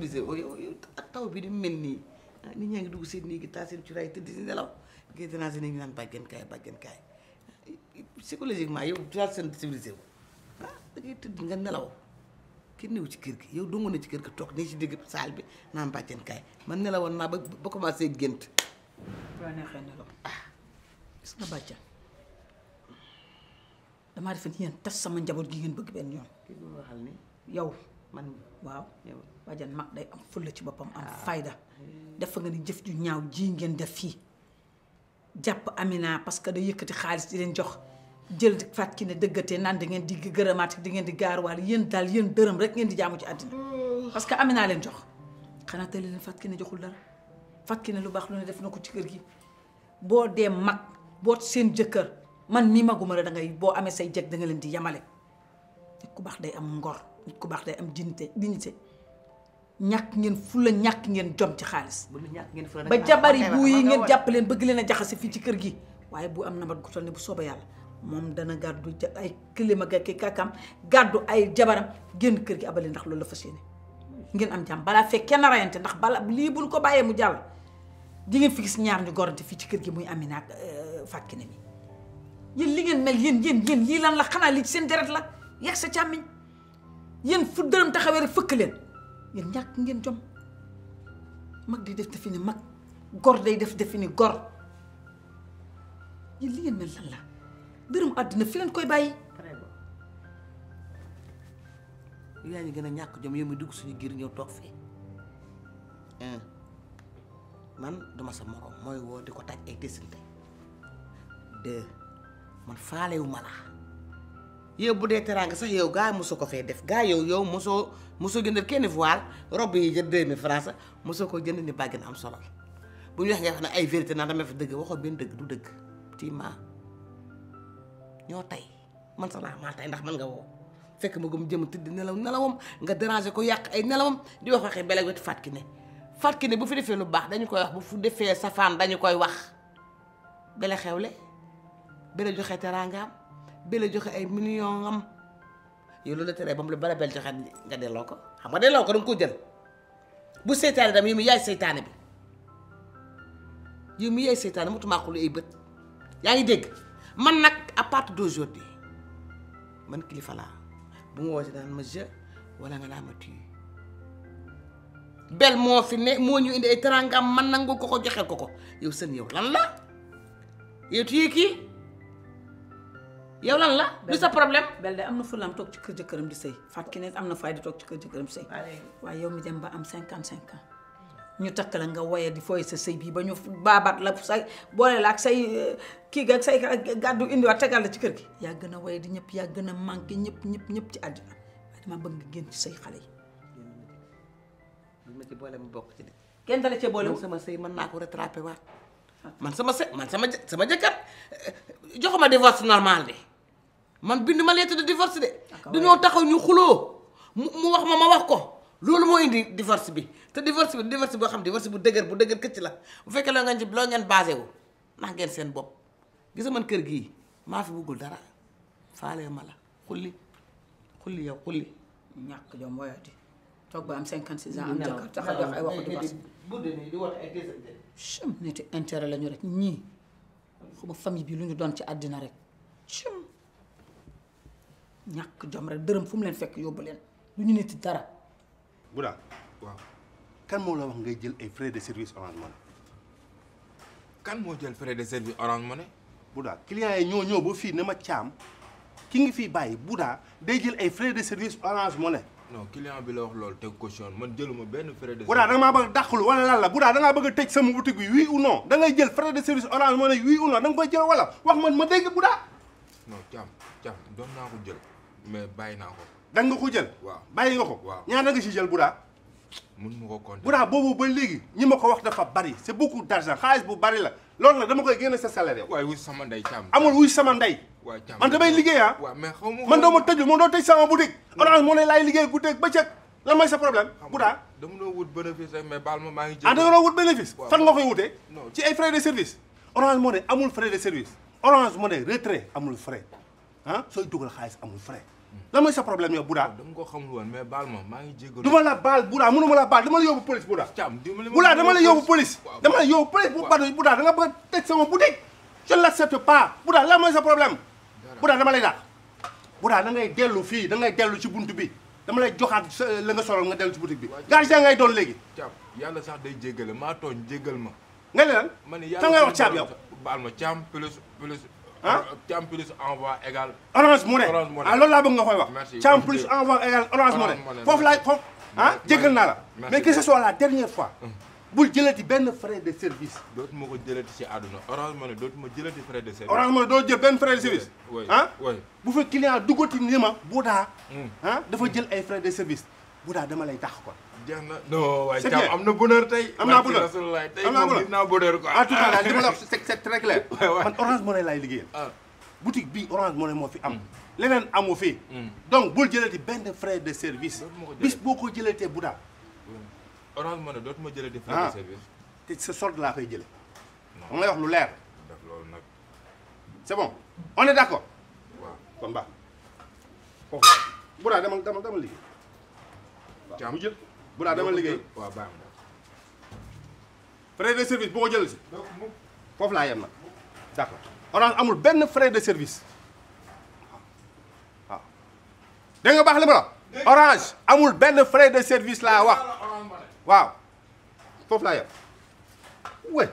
utiliser oh, woo yow ak taw bi di mel nii ah nit ñaa ngi dugg seen néeg yi taal seen cuuraay tëdd si nelaw ngay danaa seen néeg naan bàjjen kaay bàjjen kaay psychologiquement yow taal seen civilisé wu ah tëdd nga nelaw kenn newu ci kër gi yow dongo na ci kër gi toog nii ci digg saal bi naan bàjjen kaay man nelawoon naa ba ba commencé gént. waaw neexee nelaw ah gis nga bàjjan damaa defe ni yéen tas sama njaboot gi ngeen bëgg benn yoon. kii bi waxal ni yow. man waaw wajan mag day am fulla ci boppam am ah. fayda dafa nga ni jëf ju ñaaw ji ngeen def fii jàpp Amina parce que da yëkkati xaalis di leen jox jël fat ki ne dëggatee naan da ngeen di gërëmaat di ngeen di gaaruwaal yéen daal yéen dërëm rek ngeen di jaamu ci àddina parce que Amina leen jox xanaa tey leen fat ki ne joxul dara fat ki ne lu baax lu ne def na ko ci kër gi boo dee mag boo seen jëkkër man mii maguma la da ngay boo amee say jeg danga leen di yamale ku baax day am ngor nit ku baax day am dignité dignité ñàkk ngeen fulla ñàkk ngeen jom ci xaalis ba jabar yi ah, bu yi ngeen jàpp leen bëgg leen a jaxase fii ci kër gi waaye bu am namat gu toll ne bu soobee yàlla moom dana gàddu ay kilima ga ki kakam gàddu ay jabaram génn kër gi abale ndax loolu la fas yéene ngeen am jàmm balaa fekkee na rayante ndax bala lii buñ ko bàyyee mu jàll gi ngeen fi gis ñaar ñu gorante fii ci kër gi muy Amina ak euh, Fakki ne li ngeen mel yéen yéen yéen lii lan la xanaa li seen deret la yàgg sa yéen fu dërëm taxawee rek fëkk leen yéen ñàkk ngeen jom mag day def defi ni mag gor day def defi ni gor yéen li ngeen mel lan la àddina fi leen koy bàyyi. yaa ngi gën a ñàkk jom yow mi dugg suñu giir ñëw toog fii man duma sa morom mooy woo di ko taaj ay desinte deux man faalewu ma la yow bu dee teraanga sax yow gaa yi ko fee def gaa yow yow mosoo mosoo jëndal kenn voile robe yi jënd 2000 francs sax mosoo ko jënd ni bàgg na am solo bu ñu wax nga wax ay vérité naan dama fa dëgg waxoo benn dëgg du dëgg tiimaa ñoo tey man sax naa maa ndax man nga woo fekk ma gëm jëm tëdd nelaw nelawam nga déranger ko yàq ay nelawam di wax waxee beleg wetu Fatou Kiné Fatou bu fi defee lu baax dañu koy wax bu fu defee safaan dañu koy wax bele xewle bele joxe teraangaam bele joxe ay millions am yow loolu la tere ba mu la nga delloo ko xam nga delloo ko danga ko jël bu dam yow seytaane bi yow mi yaay ay bët yaa ngi dégg nag à partir d'aujourd'hui man kilifa laa bu ma wootee ma je moo fi ne moo ñu indi ay teraangam man nangu ko ko joxel ko ko yow sën yow lan la yow tuyee kii yow lan la lu sa problème bel de am na fulaam toog ci kër jëkkëram di sëy fat ki ne am na fay di toog ci kër jëkkëram di sëy waaye yow mi dem ba am cinquante cinq ans ñu takk la nga woye di fooy sa sëy bii ba ñu baabaat la say boole la ak say euh, kii ak say gàddu indiwaat tegal la ci kër gi yaa gën a woye di ñëpp yaa gën a manqué ñëpp ñëpp ñëpp ci àddina waaye dama bëgg nga génn ci sëy xale yi ma boole mu bokk ci kenn dala cee boole man sama sëy mën naa ko rattrapé waa man sama sëy man sama sama jëkkër euh, joxuma divorce normal de man bind ma lettre de divorce de ñoo taxaw ñu xuloo mu mu wax ma ma wax ko loolu moo indi divorce bi te divorce bi divorce boo xam divorce bu dëgër bu dëgër këcc la bu fekkee loo ngeen ci loo ngeen basé wu ndax seen bopp gisa man kër gi maa fi bëggul dara faalee ma la xulli xulli yow xulli ñàkk jom woyati toog ba am cinquante six am jëkkër a jox ay waxu divorce di wax ay chum niti la ñu rek ñii xuma famille bi lu ñu doon ci àddina rek ñàkk jom rek dërëm fu mu leen fekk yóbbu leen lu ñu nit dara. bu daal waaw kan moo la wax ngay jël ay frais de service Orange Money. kan moo jël frais de service Orange Money. bu daal clients yi ñoo ñëw ba ne ma caam ki ngi fii bàyyi bu day jël ay frais de service Orange Money. non bi la wax loolu teg caution man jëluma benn frais de. bu daal a dàqalu wala la bu daal da bëgg a sama boutique bi oui ou non ngay jël frais de service Orange Money oui ou non jël wala wax man ma dégg bu daal. non caam caam doon naa ko jël. mais bàyyi naa ko. da ko jël. waaw bàyyi nga ko. waaw ñaata nga si jël Bouda. mun ma ko compter boobu ba léegi ñi ma ko wax dafa bari c'est beaucoup d'argent xaalis bu bari la loolu nag dama koy génne sa salaire. waay sama ndey Thiam. amul wuy sama ndey. waay Thiam man damay liggéey ah. waaw mais xaw ma man doo ma tëjul man doo tëj sama boutique. orange moo ne laay liggéey guddeeg bëccëg lan mooy sa problème Bouda. dama doon wut bénéfice rek mais baal ma ngi. ah da nga doon wut bénéfice. fan nga koy wutee. ci ay frais de service. orange moo ne amul frais de service. orange moo ne retrait amul frais ah sooy dugal xaalis amul frais lan mooy sa problème yow Bouda. Oh, dama ko xamul woon mais baal ma maa ngi jégalu. du ma la baal Bouda mënu ma la baal dama la yóbbu police Bouda. càmm Bouda dama la yóbbu police. dama la yóbbu police bu baax Bouda da nga bëgg a teg sama boutique. je ne l'accepte pas Bouda lan mooy sa problème. Bouda dama lay dàq. Bouda da ngay dellu fii da ngay dellu ci buntu bi dama lay joxaat la nga solal nga dellu ci boutique bi. gardien ngay doon léegi. càmm yàlla sax day jégale maa tooñ jégal ma. nga ne lan. man yàlla sax ngay wax càmm yow. baal ma càmm plus plus ah Thiam plus envoi égal. orange money orange money ah loolu laa bëgg nga koy wax. merci Thiam plus envoi égal orange money. foofu laay foofu ah jéggal la. mais que ce soit la dernière fois. bul jëlati benn frais de service. dootuma ko jëlati si àdduna orange money dootuma jëlati frais doo jël benn frais de service. oui oui bu fa client duggati ni ma bu daa. ah dafa jël ay frais de service bu daa dama lay tax quoi. jeex na non am na bonheur tey. am naa bonheur am naa bonheur tey naa bonheur quoi. en tout cas daal li ma la wax c'est très clair. man Orange Money laay liggéeyal. Ah. boutique bi Orange Money moo fi am. Mm. leneen amu fi. Mm. donc bul jëlati benn frais de service. bis boo ko jëlatee bu daal. Mm. Orange Money dootuma jëlati frais de ah. service. te sa laa koy jële ma wax lu leer. loolu nag. c'est bon on est d'accord. waaw kon baax. liggéey. bu laa dama liggéey waaw baax service boo ko jël si foofu laa yem nag d'accord orange amul benn frais de service waaw dégg nga baax li ma la orange amul benn frais de service laa wax waaw foofu laa yem we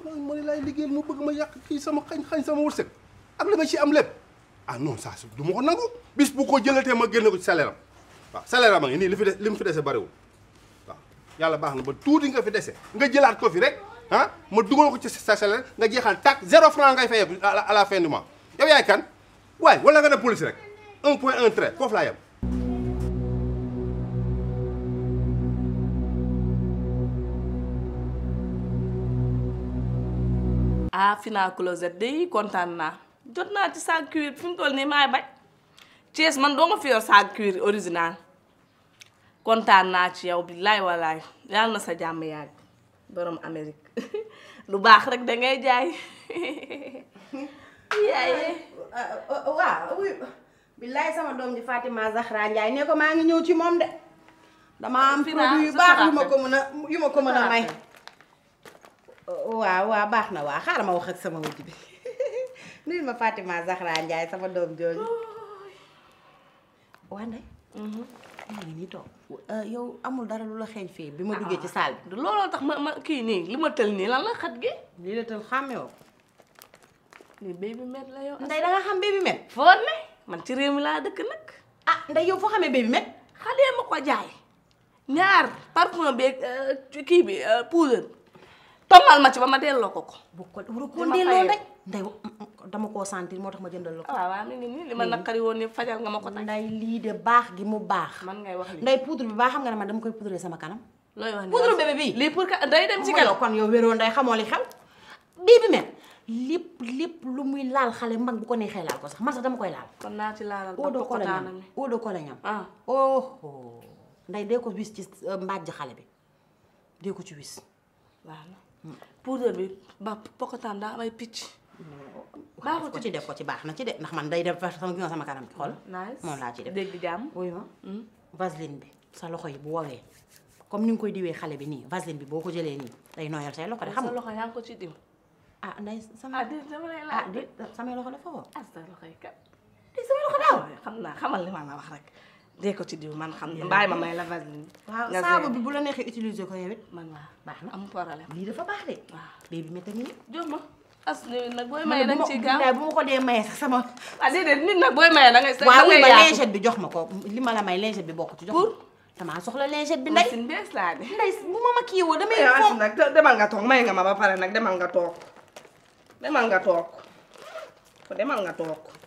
orange ma ne laay liggéeyal mu bëgg ma yàq kii sama xañ xañ sama wërsëg ak li ma ci am lépp ah non ça du ma ko nangu bis bu ko jëlatee ma génne ko ci salaire am waaw salaire am a ngi nii li fi des li mu fi dese bariwul waaw yàlla baax na ba tuuti nga fi dese nga jëlaat ko fi rek ah ma dugal ko ci sa salaire nga jeexal tàkk zéro franc ngay fayeeku à la fin du yaay kan waaye wala nga dem police rek un point un trait foofu laa yem. ah Fina Closet day kontaan naa jot naa ci sa cuir fi mu toll nii maay bañ. Thiès man doo nga fi yor saag cuir original kontaan naa ci yow billaay walaay yàlla na sa jàmm yàgg borom Amérique lu baax rek dangay jaay. yaaye ah, ah, ah, waaw billaay sama doom ji Fatima Zahra Ndiaye ne ko maa ngi ñëw ci moom de. dama am produit yu baax yu ma ko mën a yu ma ko mën a may. waaw baax na waa xaaral ma wax ak sama wujj bi nuyu ma sama doom jooju. waa Ndeye. maa mm-hmm. ngi nii toog euh, yow amul dara lu la xeeñ fii bi ma duggee ci ah. saal bi. looloo tax ma ma kii nii li ma tël nii lan la xat gi. lii la tël xàmme woo. ni baby met la yow. Ndeye da nga xam baby met. foo ne man ci réew mi laa dëkk nag. ah Ndeye yow foo xamee baby met. xale ma ko jaay. ñaar parfum beeg euh, kii bi euh, poudre. tombal ma ci ba ma delloo ko ko. bu ko waroo ko rek. nday dama mm, mm, ko sentir moo tax ma jëndal la ko. Ah, waaw waaw ni woon ni fajal nga ko tey. nday lii de baax baax. man ngay wax lii nday poudre nga ne man koy poudre sama kanam. bi lii pour dem ci kanam. kon yow wéroo nday xamoo li xew. bii lépp lépp lu muy laal xale mag ko neexee laal ko sax man sax dama koy laal. kon naa ci laalal ba ko ko la ko la ñam. nday dee ko wis ci euh, mbaaj xale bi dee ko ci wis puudar bi ba pokotaan daa am ay picc. baaxul ko ci def ko ci baax na ci de ndax man day def sama gi sama kanam xool. moom laa ci def dégg hmm? bi sa loxo yi bu woowee comme ni nga koy diwee xale bi nii vaseline bi boo ko jëlee nii day nooyal say loxo de xam sa loxo ah, ah, ah, samay loxo dafa woo. ah sa loxo yi kat. déet samay loxo naa xamal li ma la wax rek. de ko ci diw man xam mbaay ma may la vaseline. waaw saabu bu la neexee utiliser ko man waaw baax na am problème. lii dafa baax de. waaw bébi métti nii. ma as nag booy maye da nga ciy gaaw bu ko dee maye sama. ah déedéet nit nag booy maye da ngay. waaw ma lingette bi jox ma ko li ma la may lingette bi bokk ci jox ma ko. damaa soxla lingette bi ndey. mosin bu ma ma kii woo damay. foofu nag demal nga toog may nga ma ba pare nag demal nga toog. demal nga toog demal nga toog.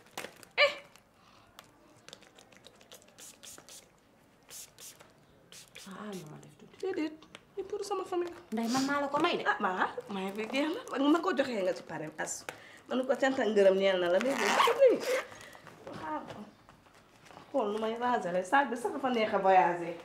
déedéet li pour sama famille la. nday man maa la ko may de. ah maa may bi jeex na ma ko joxee nga ci pare as man ko cant ak ngërëm ñeel na la mais déedéet waaw xool nu may ranger saag bi sax dafa neex a voyager.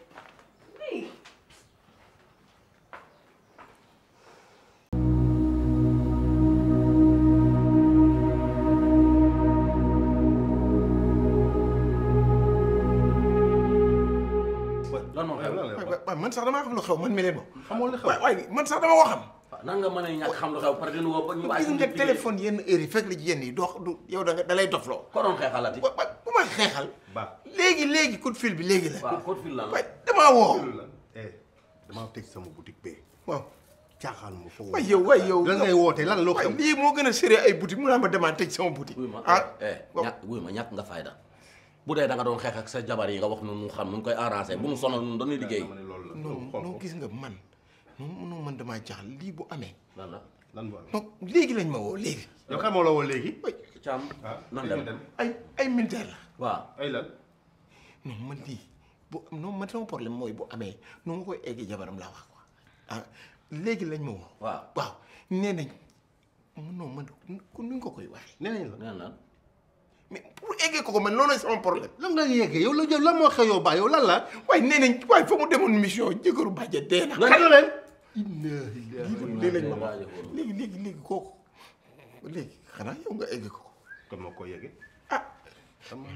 man sax damaa xam lu xew man mi leen bokk. xamoo lu waaye man sax dama ko xam. waaw nan nga mën a ñàkk xam lu xew parce que ñu woo ñu. gis nga téléphone yenn heure yi fekk la ci yenn yi doo du yow da nga da lay dofloo. ko doon xeexalati wa bu ma xeexal. ba léegi léegi coup bi léegi la. waaw coup damaa woo. Eh, damaa teg sama boutique bee. waaw caaxaan ma foofu. waaye yow waaye yow lan ngay woote lan loo xam. lii moo gën a séré ay boutique mu naa ma demaa teg sama boutique. ah eh, eh, wuy ma ñàkk nga fayda bu dee da nga doon xeex ak sa jabar yi nga wax nu xam nu mu koy arrangé bu mu sonal nun dañuy liggéey non non gis nga man non non man damaa jaax lii bu amee lan la lan léegi lañ ma woo léegi yow xam léegi caam ah, nan la waaw ay lan non man lii bu non man sama problème mooy bu amee nu ma koy eggi jabaram laa wax quoi ah, léegi lañ ma woo waaw waaw nee nañ man ku nuñ ko koy waxee mais pour eggee ko ko man loolu sama problème. lan nga yeggee yow la yow lan moo xew yow ba yow lan la. waaye nee nañ waaye fa mu demoon mission jëkkëru bàjje dee na. lan la leen. lii lañ ma léegi léegi léegi kooku léegi xanaa yow nga eggee ko ko. kan moo ko yeggee.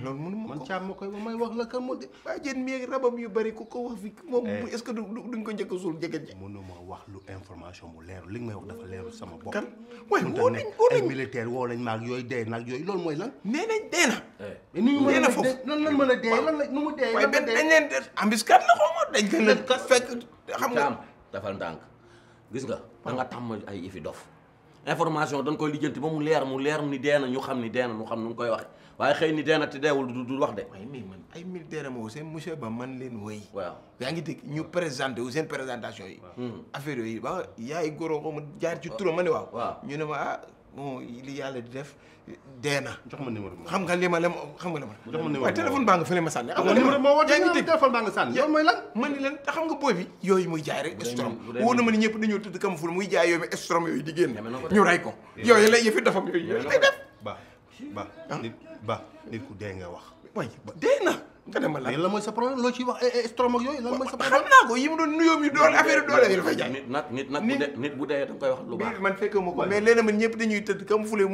loolu mënu man càmm ma koy ba may wax la kan mu de bàjjen mi ak rabam yu bari ku ko wax fi moom eh. est-ce que duñ ko njëkk a suul jege ji mënuma wax lu information bu leeru li may wax dafa leeru sama bopp kan waaye woo nañ woo nañ militaire yooyu dee nag yooyu loolu mooy lan nee nañ dee na nuñu eh. dee na foofu lan a dee lan la nu mu dee waaye benn dañ leen ambiskat la xaw xam nga dafal ndànk gis nga da tam tàmm ay yëfi dof information dañ koy lijjanti ba mu leer mu leer ni dee na ñu xam ni dee na ñu xam nu mu koy waxee waaye xëy ni dee na te deewul du du wax de. waaye mais man ay militaire ma se seen monsieur Ba man leen wëy. waaw yaa ngi dégg ñu présenté wu seen présentation yi. Hmm. affaire yooyu ba yaay goro xaw ma jaar ci turam ma ne waaw. waaw ñu ne ah. bon li yàlla di def dee na. jox ma numéro xam nga li ma lem xam nga li ma. jox ma numéro waaye téléphone baa nga fële ma sànni. xam nga numéro moo téléphone baa nga sànni. yow mooy lan ma ni leen xam nga booy yooyu muy jaay rek estrom wóor na ma ni ñëpp dañoo tëdd kam ful muy jaay yooyu estrom yooyu di génn ñu rey ko yooyu la yëfi dafam yooyu yooyu lay def. ba ba nit ba nit ku dee nga wax. waay dee na. nga dem la lan mooy sa problème loo ciy wax estrom eh, eh, ak yooyu lan mooy sa problème xam naa ko lu baax man fekk ma ko mais léeg-léeg man ñëpp dañuy tëdd kam fule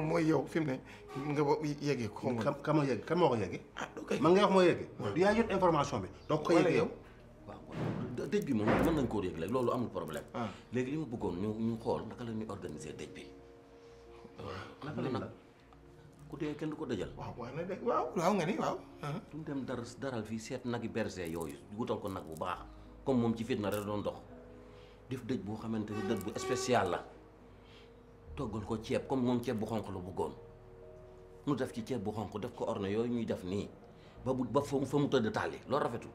mooy yow fi ne nga yeggee ko kan moo yeggee kan ah, moo yeggee man ngay wax moo yeggee du yaa jot information bi donc ko yeggee yow dëj bi moom mën nañ koo régler loolu amul problème. Ah. léegi li ma bëggoon ñu ñu xool naka la ñuy organiser dëj bi. Ah. naka la nag ku dee kenn du ko dajal. waaw waaw nag waaw waaw nga ni ah. dem dar daral fii seet nagi berger yooyu wutal ko nag bu baax comme moom ci fitna rek doon dox def dëj boo xamante ni dëj bu spécial la toggal ko ceeb comme moom ceeb bu xonq la bëggoon mu def ci ceeb bu xonq def ko orne yooyu ñuy def nii ba bu ba fa mu tëdd taali loolu rafetul.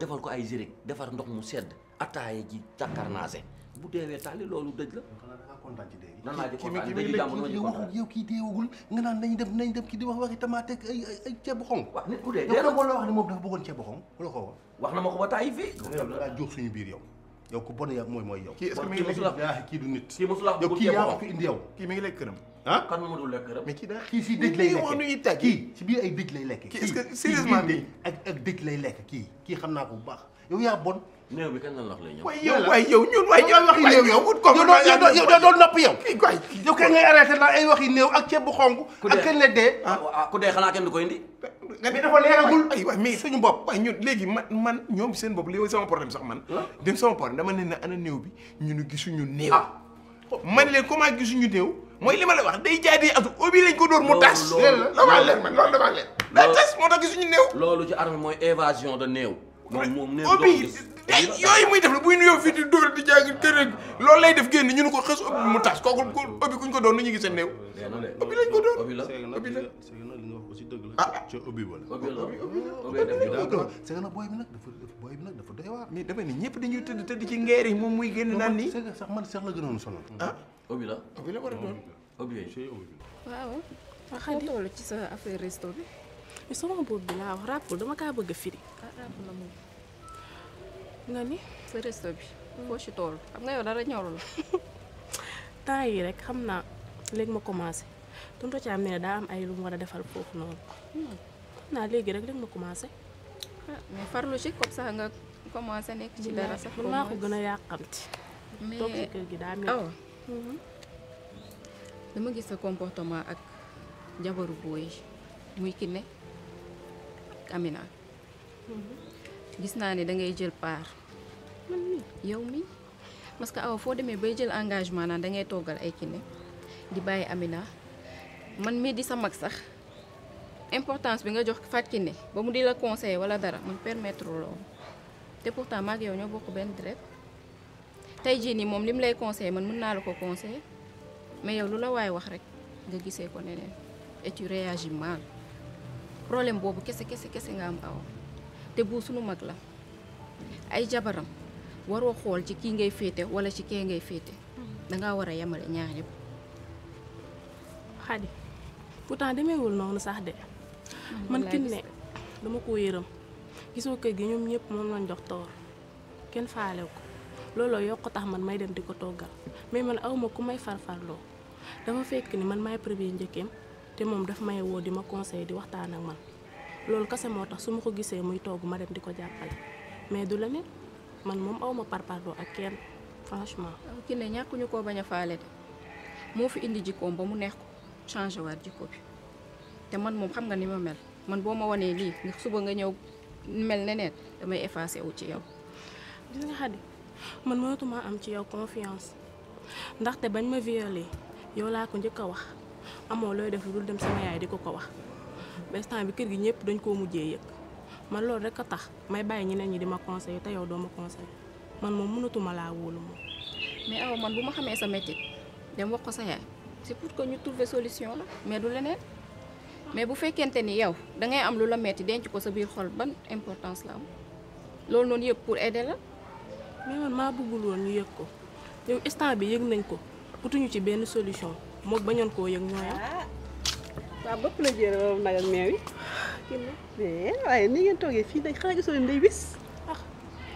defal ko ay zirik defar ndox mu sedd ataaya ji takkarnaase bu deewee taali loolu dëj la. xanaa da ngaa kontaan ci dee gi. nan ji kontaan dëj jàmbur ñu waxul yow kii deewagul nga naan nañ dem nañ dem kii di wax waxi tamaate ak ay ay ceebu xonk. waaw nit ku dee dee la wax ni moom dafa bëggoon ceebu xonk ku ko wax. wax na ma ko ba taay fii. yow. yow ku bon yaa mooy mooy yow. kii est-ce que mi ngi lekk kii du nit. yow kii yaa ko fi indi yow. kii mi ngi lekk këram. ah kan mu dul lekk këram. mais kii lay lekk kii si biir ay dëj lay lekk. kii est-ce que sérieusement ak ak dëj lay lekk kii kii xam naa ko bu baax yow yaa bon néew bi kan lan wax lay ñëw. waaye yow waaye yow ñun waaye yow waxi néew yow. ut ko yow doo doo nopp yow. kii quoi yow kenn ngay arrêté naan ay waxi néew ak ceeb bu xonk. ak kenn la dee. ah ku dee xanaa kenn du koy indi. nga bi dafa leeragul ay waay mais suñu bopp waaye ñun léegi man man ñoom seen bopp léegi sama problème sax man. dem sama problème dama ne na ana néew bi ñu ne gisuñu néew. ah man leen comment gisuñu néew. mooy li ma la wax day jaay day atu obi lañ ko dóor mu tas. loolu loolu leen man loolu damaa leen. day tas moo tax gisuñu néew. loolu ci arme mooy évasion de néew. moom moom néew yooyu muy def la buy nuyoo fii di dóor di jàng kër loolu lay def génn ñu ne ko xës ëpp mu tas kooku ëpp kuñ ko doon nu ñu gisee néew. ëpp lañ ko doon ëpp la. ah obbi ah. wala obbi la obbi la c'est que nag booy bi nag dafa doy waar mais dafa ne ñëpp dañuy tëdd tëdd ci ngeer yi moom muy génn naan nii c'est que sax man sax la gënoon sonal ah obbi la obbi la war a doon obbi ci sa affaire resto bi bi laa wax rappel dama kaa bëgg a firi ah, rappel nga ni. sa resto bi. foo ci tool xam nga yow dara ñorul. temps yi rek xam naa léegi ma commencé tontu ci am ne daa am ay lu mu war a defal foofu noonu. xam naa léegi rek léegi ma commencé. mais farlu ci commencé nekk ci dara sax. mën naa ko gën a yàqamti. mais toog ci kër gi daa mel. dama gis sa comportement ak jabaru booy muy Kiné ak Amina. gis naa ne da jël mhm. mhm. part. man mii yow mii parce que awa foo demee bay jël engagement naan da ngay toogal ay Kiné di bàyyi Amina man mii di sa mag sax importance bi nga jox Fatou Kiné ba mu di la conseiller wala dara man permettre loolu te pourtant mag ak yow ñoo bokk benn deret tey jii nii moom li mu lay conseil man mën naa la ko conseiller mais yow lu la waay wax rek nga gisee ko neneen et tu réagis mal problème boobu kese kese kese nga am awa te bu sunu mag la ay jabaram. waroo xool ci kii ngay féete wala ci kee ngay féete dangaa war a yemale ñaar yëpp xadi pourtant demeewul noonu sax de man kin ne dama ko yërëm gisoo kër gi ñoom ñëpp moom lañ jox toor kenn faalew ko looloo yokk tax man may dem di ko toggal mais man awma ku may farfarloo dama fekk ni man may premier njëkkeem te moom daf may woo di ma conseil di waxtaan ak man loolu kase moo tax su ma ko gisee muy togg ma dem di ko jàppale mais du la ne man moom awma ma parparloo ak kenn franchement. Ah, ki ne ñàkkuñu ko bañ a faale de moo fi indi jikkoom ba mu neex ko changé waat jikko bi te man moom xam nga ni ma mel man boo ma wanee lii ndax suba nga ñëw mel neneen damay effacé wu ci yow. gis nga man mënatuma am ci yow confiance ndaxte bañ ma violé yow laa ko njëkk a wax amoo looy def lu dul dem sama yaay di ko ko wax ba bi kër gi ñëpp dañ koo mujjee yëkk man loolu rek a tax may bàyyi ñeneen ñi di ma conseiller te yow doo ma man moom mënatuma laa wóolu moom. mais aw man bu ma xamee sa métier dem wax ko sa yaay c'est pour que ñu trouver solution la mais du leneen mais bu fekkente ni yow dangay am lu la metti denc ko sa biir xol ban importance la am loolu noonu yëpp pour aider la. mais man maa bëggul woon ñu yëg ko yow instant bi yëg nañ ko utuñu ci benn solution moog bañoon koo yëg ñooyam. Ah, waaw bëpp kii ah, la. waaye ni ngeen toogee fii day xanaa gisoo day bis. ah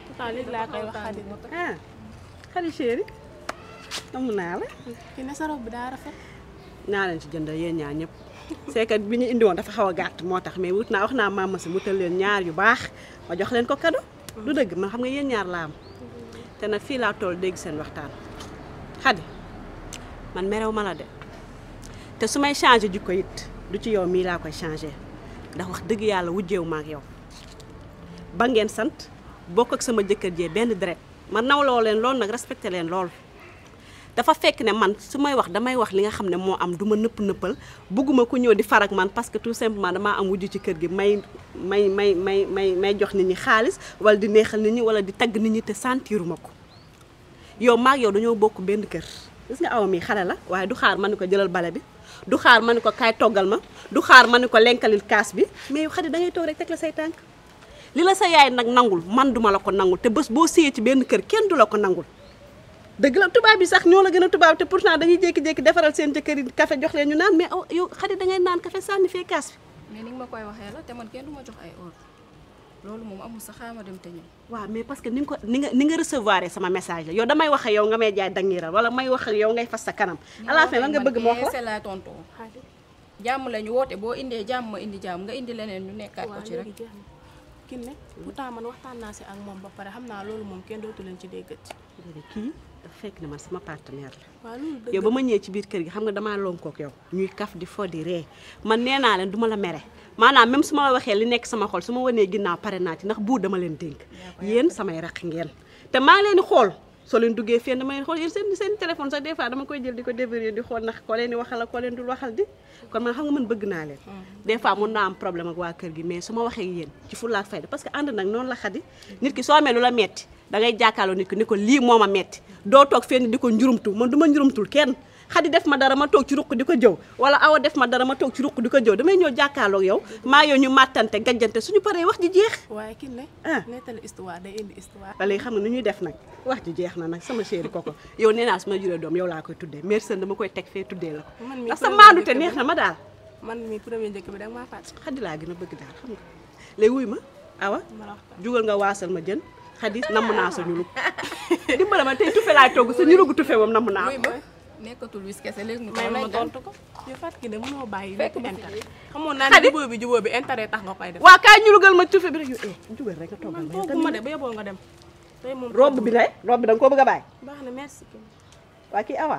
pourtant léegi laa koy wax xarit ah xarit chéri amu naa la. kii na sa robe bi daa rafet. naa leen ci jëndal yéen ñaar ñëpp. c'est que bi ñu indi woon dafa xaw a gàtt moo tax mais wut naa wax naa maam si wutal leen ñaar yu baax ma jox leen ko cadeau. du dëgg man xam nga yéen ñaar laa am. te nag fii laa toll dégg seen waxtaan. xadi man merew ma la de te su may changé jikko it du ci yow mii laa koy changé. ndax wax dëgg yàlla wujjeewu ma ak yow ba ngeen sant bokk ak sama jëkkër jee benn deret ma nawloo leen lool nag respecté leen lool. dafa fekk ne man su may wax damay wax li nga xam ne moo am du ma nëpp nëppal bëgguma ko ñëw di farak man parce que tout simplement damaa am wujj ci kër gi may may may may may may jox nit ñi xaalis wala di neexal nit ñi wala di tagg nit ñi te sentiruma ko yow maag yow dañoo bokk benn kër. gis nga awa mi xale la waaye du xaar ma ni ko jëlal bale bi du xaar ma ni ko kaay toggal ma du xaar ma ni ko lenkalil kaas bi mais yow xadi da ngay rek teg la say tànk li la sa yaay nag nangul man duma la ko nangul te bés boo séyee ci benn kër kenn du la ko nangul dëgg la tubaab yi sax ñoo la gën a tubaab te pourtant dañuy jékki-jékki defaral seen jëkkër yi café jox leen ñu naan mais yow xadi da naan café sànni fee kaas bi mais ni nga ma koy waxee la te man kenn du ma jox ay ordre loolu moom amul sa xaama dem te ñëw. waaw mais parce que ni nga ko ni nga ni nga recevoir sama message la yow damay wax ak yow nga may jaay dangiral wala may wax ak yow ngay fas sa kanam. à la fin lan nga bëgg ma wax la la woote boo indee jàmm ma indi jàmm nga indi leneen ñu nekkaat ko ci rek. kin ne pourtant man waxtaan naa si ak moom ba pare xam naa loolu moom kenn dootu leen ci déggati. kii dafa fekk sama partenaire la. waaw ba ma ñëwee ci biir kër gi xam nga damaa lonkook yow. ñuy kaf di fo di ree man nee naa leen duma la mere maanaam même su ma waxee li nekk sama xol su ma wanee ginnaaw pare naa ci ndax buur dama leen dénk yéen samay raq ngeen te maa ngi leen di xool soo leen duggee fenn dama leen xool yéen seen seen dama koy jël di ko déverrouiller di xool ndax koo leen di waxal ak koo leen dul waxal di kon man xam nga man bëgg mm. am problème ak waa mais su ma waxee yéen ci fulla ak fayda parce que ànd nag noonu la xadi nit ki soo amee lu la metti da ngay jàkkaarloo nit ko lii moo ma metti doo toog fenn di ko njurumtu man du ma njurumtul kenn xadi def ma dara ma toog ci ruq di ko jëw wala awa def ma dara ma toog ci ruq di ko jëw damay ñëw jàkkaarloog yow maa yow ñu màttante gajjante suñu paree wax ji jeex waaye ki ne ah. nettali histoire day indi histoire wala yi xam ne nu ñuy def nag wax ji jeex na nag sama chéri koko yow nee naa su ma juree doom yow laa koy tuddee mère sën dama koy teg fee tudde la ko ndax sa maandute neex na ma daal man mi premier njëkk bi da nga maa laa gën a bëgg daal xam nga léegi wuy ma awa jugal nga waasal ma jën xadi namm naa sa ñulug dimbala ma tey tufe laay togg sa ñulugu tufe moom namm naa nekkatul wis kese léegi mu tontu ko yow Fatou bàyyi fekk intérêt xamoon naa ne jubóo bi jubóo bi intérêt tax nga koy def waaw kaay ñu lugal ma cufe bi rek yow eh, jubal rek nga toogal man tooguma bi ne robe bi da nga koo a bàyyi baax na merci waa kii awa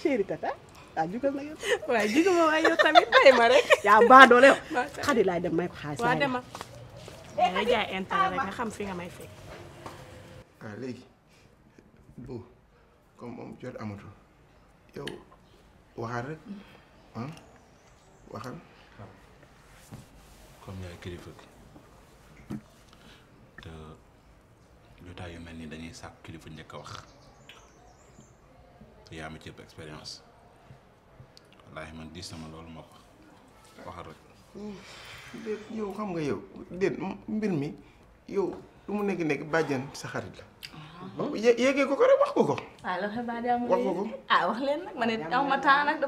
chéri tata waaw jugal na yow waaw jugal ma waaye tamit bàyyi ma yaa baa doole yow laay dem may ko xaalis waaw demal eh, nga jaay xam fi nga may fekk ah, yow waxaat rek mm-hmm. waxal. comme yaay kilifa gi te jotaay yu mel nii dañuy sàkk kilifa njëkk a wax yaa ma ci ëpp expérience wallaahi man diis sama loolu moo waxal rek. déet yow xam nga yow déet mbir mi yow lu mu nekk nekk bàjjan sa xarit la. moom mm-hmm. yé ko ko rek wax ko ko. Ah, wax leen nag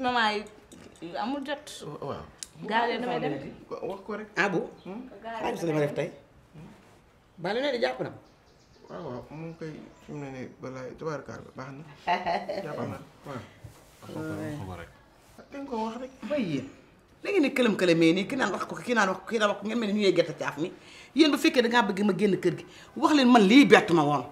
ma amul jot. waaw damay dem wax ko rek. ah bu hmm? xaalis la ma def tey. bàyyi ne di jàpp na. waaw waaw mu ngi koy ne nii balaa tubaarkaar baax na jàpp na waaw. ko rek. Ah, ko wax da ngeen di këlam këlamee nii ki naan wax ko ki naan wax ko ki naan wax ko ngeen mel ni ñu gi wax leen man lii bett ma woon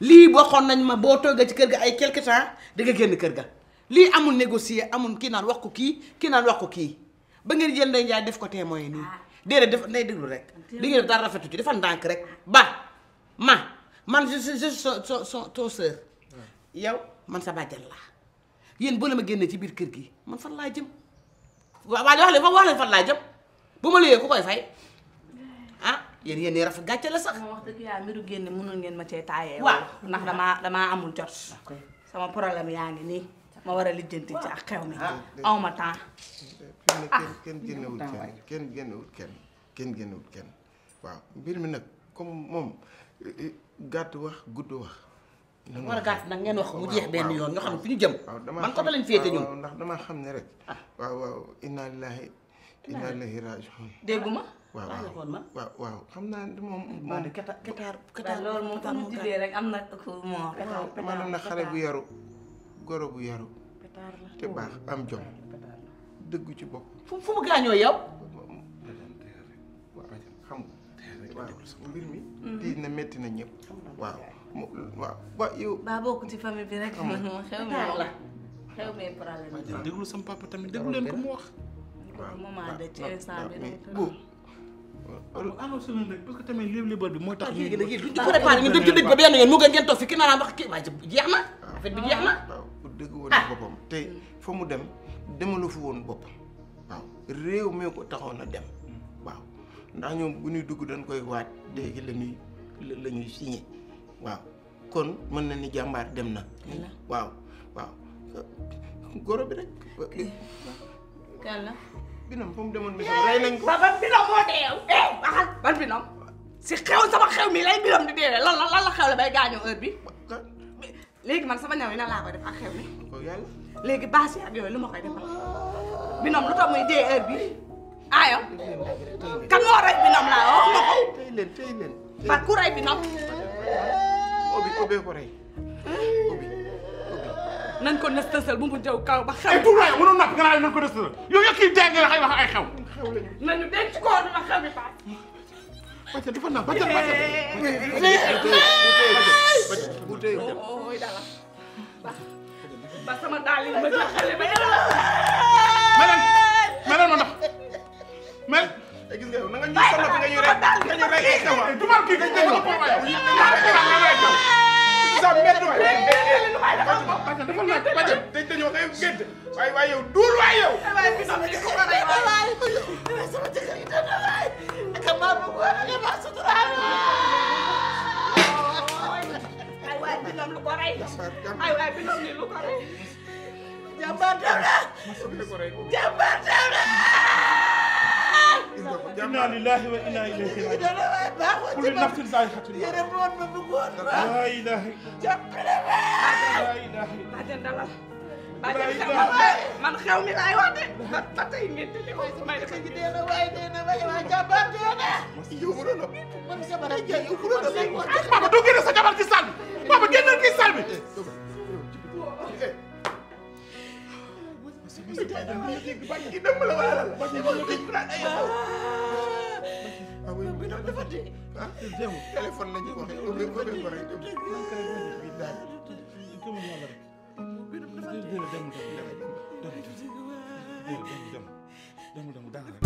lii waxoon nañ ma boo toogee ci kër ga ay quelque temps génn kër ga lii amul négocier amul kii naan wax ko kii kii naan wax ko kii ba ngeen jël Ndeye Ndiaye def ko témoin nii ah. de def nday déglu rek ah. li ngeen dara rafetu ci dafa ndànk rek ba ma man je je son son ton sœur ah. yow man sa bàjjan laa yéen boo la ma génnee ci biir kër gi man fan laa jëm waaw waaye wax leen fa wax leen fan laa jëm bu ma liggéey ku koy fay ah yéen yéen rafet gàcce la sax. wax dëgg yàlla mbiru génne mënul ngeen ma cee taayee. waaw ndax damaa damaa amul jot. sama problème yaa ngi nii ma war a lijjanti ci ak xew mi ah. aw ma temps. ah kenn génnewul kenn kenn génnewul kenn kenn mbir mi nag comme moom eh, eh, gàtt wax gudd wax. war a gàtt nag ngeen wax mu jeex benn yoon ñoo xam ne fi ñu jëm man ko dalañ féete ñun ndax damaa xam ne rek ah. waaw waaw inna lillahi inna ilayhi rajiun waaw waaw xam naa moom moom ketaar ketaar ketaar loolu na xale bu yaru goro bu yaru te baax am jom dëggu ci bopp fu mu gaañoo yow waaw xam mbir mi di na metti na ñëpp waaw waaw waaw yow. ba bokk ci famille bi rek. xew mi la xew mi problème bi. waaw déglu sama papa tamit déglu leen ko mu wax. waaw moment de ci instant bi tamit li libal bi mooy tax. léegi nag yéen préparé ngeen ba benn yoon mu gën ngeen toog fi ki naan wax kii jeex na. affaire bi jeex na. waaw ku boppam te fa mu dem demalu fu woon boppam waaw réew mi ko taxoon a dem hmm. waaw ndax ñoom bu nuy dugg dañ koy waat léegi la ñuy si ñuy waaw kon mën na ni jàmbaar dem na. waaw waaw goro bi rek. kàlla. binom ba mu demoon binom rey nañ ko. ba binom moo dee eh waxal ban binom si xew sama xew mi lay binom di deewee lan la lan la xew la bay gaañoo heure bi. léegi man sama ñaw yi na laa ko def ak xew mi. léegi baas yi ak yooyu lu ma koy defal. binom lu tax muy dee heure bi ayo kan moo rey binom laa wax ma ko. tey leen tey leen. par ku rey binom. obi obi ko rey obi obi nañ ko nes tësal bu mu jaw kaw ba xew ay tuuraay mënu napp nga naan nañ ko nes tësal yow yëkk yi dégg nga xay wax ay xew xew lañu nañu denc ko dina xew bi paas bàcce dafa naa bàcce bàcce bu tey ooy dala ba ba sama daal yi ma jël xale ba yàlla melen melen ma ndox melen ay eh, gis nga yow na nga ñuy sonal fi nga ñuy rek nga ñuy rek ay taw du ma kii nga jël ko papa yow yi ma rek la la taw sa mbedd way parce que dafa nak parce que dañ dañoo ngay gëdd waay waay yow duul waay yow waay bi sama jëkkër waay waay sama jëkkër ita waay ak ma bu ko ak ma sutura ay waay bi ñoom lu ko rey ay waay bi ñoom ni lu ko rey jàmbaar dara jàmbaar dara inna lillahi wa inna ilayhi raji'un kullu nafsin zaa'iqatul mawt yéen woon ma bëggoon laa ilaaha jàppale ma laa ilaaha bàjjen dalal bàjjen xew man xew mi laay wax de ba ba tey ngeen di lim may dafa gi dee na waaye dee na waaye waa jàmbaar dee na yóbbu na man sama rajo yóbbu na ma dugg na sa jabar ci salle bi papa génnal ci salle bi eh, téléphone lañu ko waxee oubien oubien ko rek dem dem dem dem dem